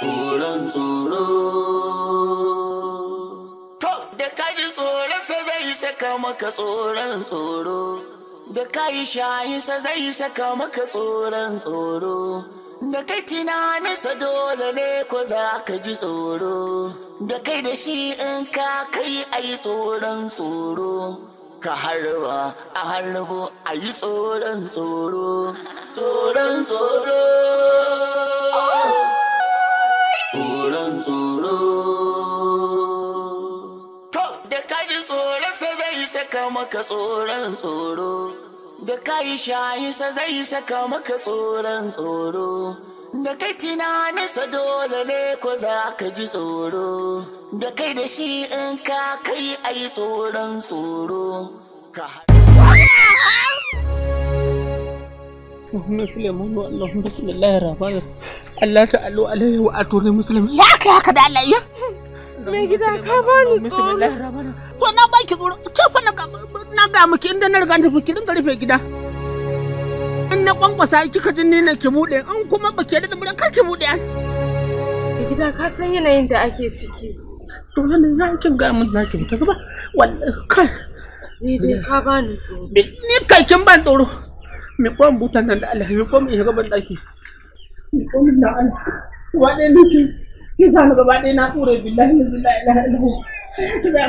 tsoron tsoro. To, da ka ji tsoronsa zai saka maka tsoron tsoro. Da ka yi shayinsa zai saka maka tsoron tsoro. Da kai tunaninsa dole ne ko za ka ji tsoro. Da kai da shi in ka kai a yi tsoron tsoro. Ka harba a harbo a yi tsoron tsoro. Tsoron tsoro. saka maka tsoron tsoro da kai shahisa zai saka maka tsoron tsoro da kai tunaninsa dole ne ko za ka ji tsoro da kai da shi in ka kai ayi tsoron tsoro Muhammad Suleiman wa Allah wa muslim ya kai haka da Allah ya gida ka bani tsoro Ko na baki tsoro, ke fa na ga miki inda na riga tafi ki dinga rufe gida. In na kwankwasa kika ji ni ki bude, in kuma ba baki da mura kar ki bude an. Gida ka san yanayin da ake ciki. To nan na ki ga mun za ki fita gaba. Wallahi kai. Ni dai ka bani tsoro. Ni kai kin ban tsoro. Mi kwan butan nan da Allah, mi kwan mi shiga ban daki. Mi kwan na Allah. Wa ɗaya nake. Ki sa na gaba ɗaya na tsoro billahi billahi ilaha ilaha.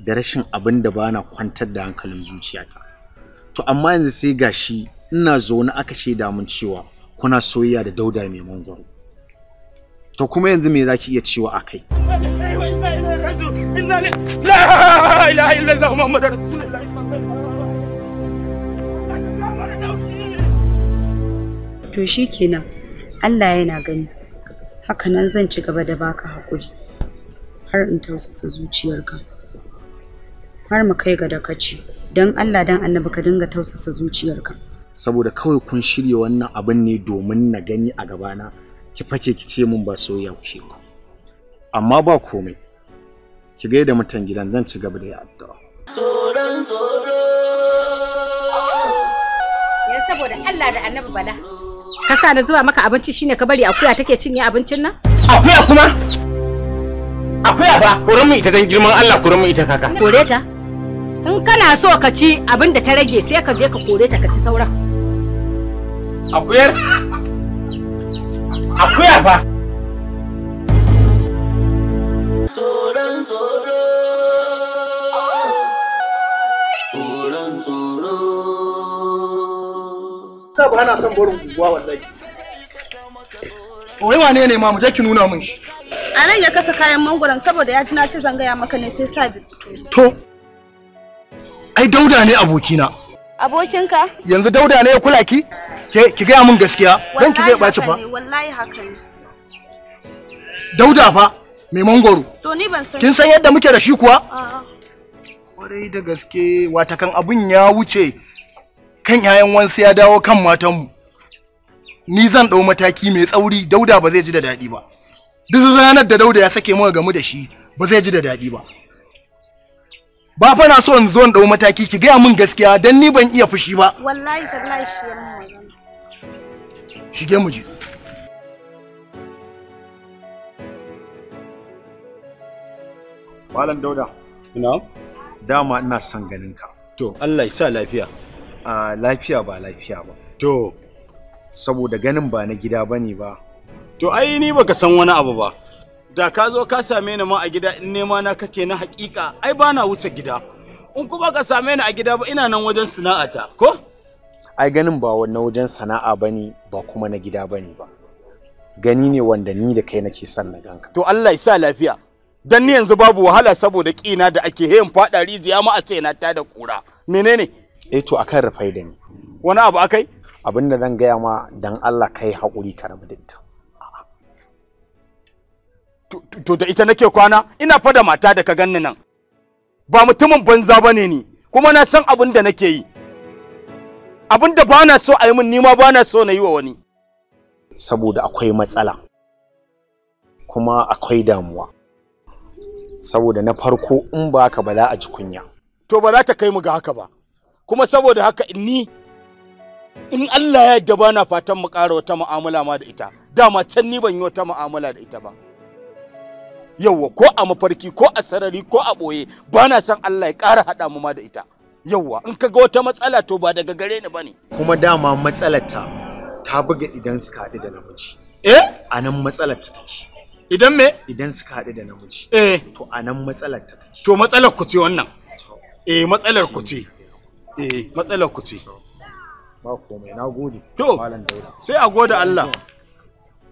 da rashin abin da ba na kwantar da hankalin zuciyata to amma yanzu sai gashi ina zaune aka shaida mun cewa kuna soyayya da dauda mai mangwaro to kuma yanzu me zaki iya cewa a kai to shi kenan Allah yana gani hakanan zan ci gaba da baka hakuri, har in tausasa zuciyarka. har mu kai ga dakaci don Allah dan annabi ka dinga tausasa zuciyarka saboda kawai kun shirya wannan abin ne domin na gani a gabana ki fake ki ce mun ba soyayya kuke ba amma ba komai ki gaida mutan gidan zan ci gaba da yi addu'a tsoron tsoro yan saboda Allah da annabi bala ka sa na zuba maka abinci shine ka bari akuya take cinye abincin nan akuya kuma akuya ba kurin mu ita dan girman Allah kurin mu ita kaka kore ta in kana so ka ci abin da ta rage sai ka je ka kore ta ka ci sauran akuyar akuya fa tsoron tsoro tsoron ana son barin guguwa wallahi wai wane ne ma mu je ki nuna min shi a nan ya kasa kayan mangoron saboda ya ji na ci zangaya maka ne sai sa to ai dauda ne abokina abokinka yanzu dauda ne ya kula ki ki gaya min gaskiya dan ki zai ɓaci fa wallahi haka ne dauda fa mai mangoro to ni ban san kin san yadda muke da shi kuwa kwarai da gaske wata kan abun ya wuce kan yayan wansu ya dawo kan matanmu ni zan ɗau mataki mai tsauri dauda ba zai ji da daɗi ba duk ranar da dauda ya sake mu gamu da shi ba zai ji da daɗi ba ba fa na so in zo in dau mataki ki gaya min gaskiya dan ni ban iya fushi ba wallahi tallahi shi yamma shige mu je Malam Dauda. Ina? Dama ina son ganin ka. To, Allah ya sa lafiya. A lafiya ba lafiya ba. To, saboda ganin ba na gida bane ba. To, ai ni baka san wani abu ba. da ka zo ka same ni ma a gida in nema na kake na hakika ai ba na wuce gida in kuma ka same ni a gida ba ina nan wajen ta, ko ai ganin ba wannan wajen sana'a bane ba kuma na gida bane ba gani ne wanda ni da kai nake son na ganka to Allah ya sa lafiya dan ni yanzu babu wahala saboda kina da ake hayin fada rijiya ma a ce na ta da kura menene eh to akan rufai da ni wani abu akai abinda zan gaya ma dan Allah kai hakuri ka rabu da ita to da ita nake kwana ina fada mata da ka ganni nan ba mutumin banza ba ne ni kuma na san abin da nake yi abin da ba na so a yi min nima bana na so na yi wa wani saboda akwai matsala kuma akwai damuwa saboda na farko in ba haka ba za a ji kunya to ba za ta kai mu ga haka ba kuma saboda haka ni in Allah ya yarda bana fatan mu ƙara wata mu'amala ma da ita dama can ni ban yi wata mu'amala da ita ba yauwa ko a mafarki ko a sarari ko a ɓoye ba na son Allah ya ƙara haɗa mu ma da ita yauwa in ka ga wata matsala to ba daga gare ni bane kuma dama matsalar ta ta buga idan suka haɗu da namiji eh a nan matsalar ta take idan me idan suka haɗu da namiji eh to a nan matsalar ta take to matsalar ku ce wannan eh matsalar ku ce eh matsalar ku ce ba komai na gode to sai a gode Allah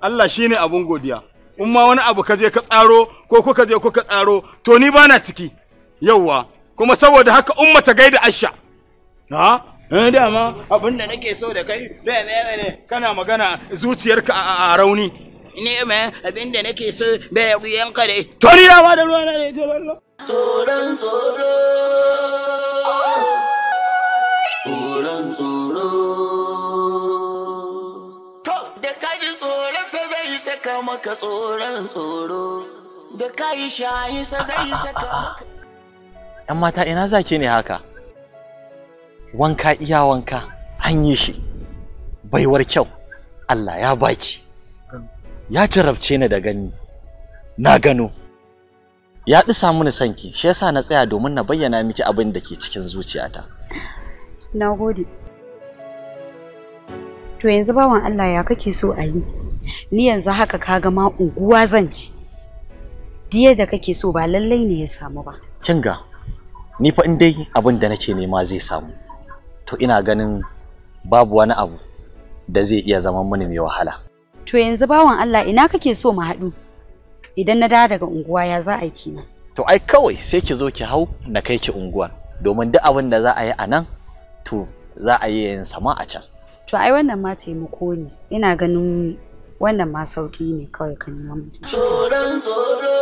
Allah shine abun godiya in ma wani abu ka je ka tsaro ko kuka je kuka tsaro to ni ba na ciki yauwa kuma saboda haka umma ta gaida asha ha eh dama abin da nake so da kai da ne ne kana magana zuciyarka a rauni ne ma abin da nake so da ya guyen ka dai to ni dama da ruwa na ne wallo tsoron tsoro tsoron tsoro saka maka tsoron tsoro da kai shayi sa zai saka maka ‘Yan mata ina zaki ne haka wanka iya wanka an yi shi baiwar kyau Allah ya baki ya jarabce ni da gani na gano ya ɗisa mini sanki shi yasa na tsaya domin na bayyana miki abin da ke cikin zuciyata na gode to yanzu bawan Allah ya kake so a yi ni yanzu haka kaga ma unguwa zan ci diye da kake so ba lallai ne ya samu ba kinga ni fa indai abin da nake nema zai samu to ina ganin babu wani abu da zai iya zama mini mai wahala to yanzu bawan Allah ina kake so mu haɗu idan na dawo daga unguwa ya za a yi kina to ai kawai sai ki zo ki hau na kai ki unguwa, domin duk abin da za a yi a nan to za a yi yin sama a can to ai wannan ma taimako ne ina ganin wannan ma sauƙi ne kawai kan yi mutum. Tsoron tsoro,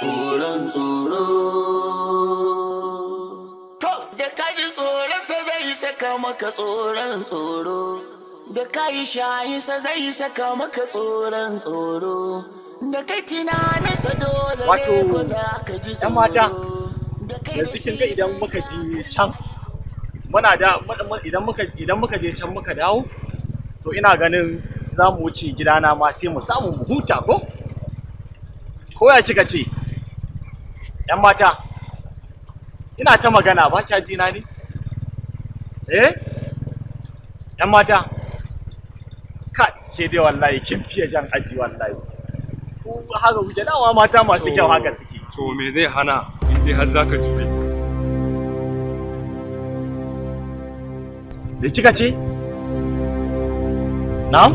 tsoron tsoro. To, da ka ji sa zai saka maka tsoron tsoro. Da ka yi sa zai saka maka tsoron tsoro. Da kai tunaninsa dole ne ko za ka ji tsoro. Wato, yanzu kin ga idan muka ji can muna da idan idan muka je can muka dawo to ina ganin za mu wuce gidana ma sai mu samu mu huta ko ko ya kika ce yan mata ina ta magana ba kya ji na ne eh yan mata ka ke dai wallahi kin fiye jan aji wallahi ko haka kuke dawa mata masu kyau haka suke to me zai hana in dai har zaka ji me kika ce نعم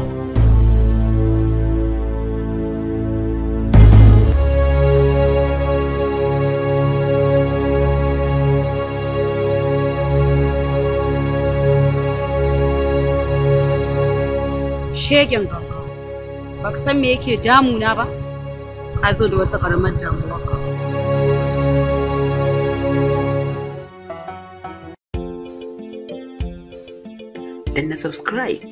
shegen gaggawa ba ka san me yake damuna ba ka zo da wata karamar damuwa ka danna subscribe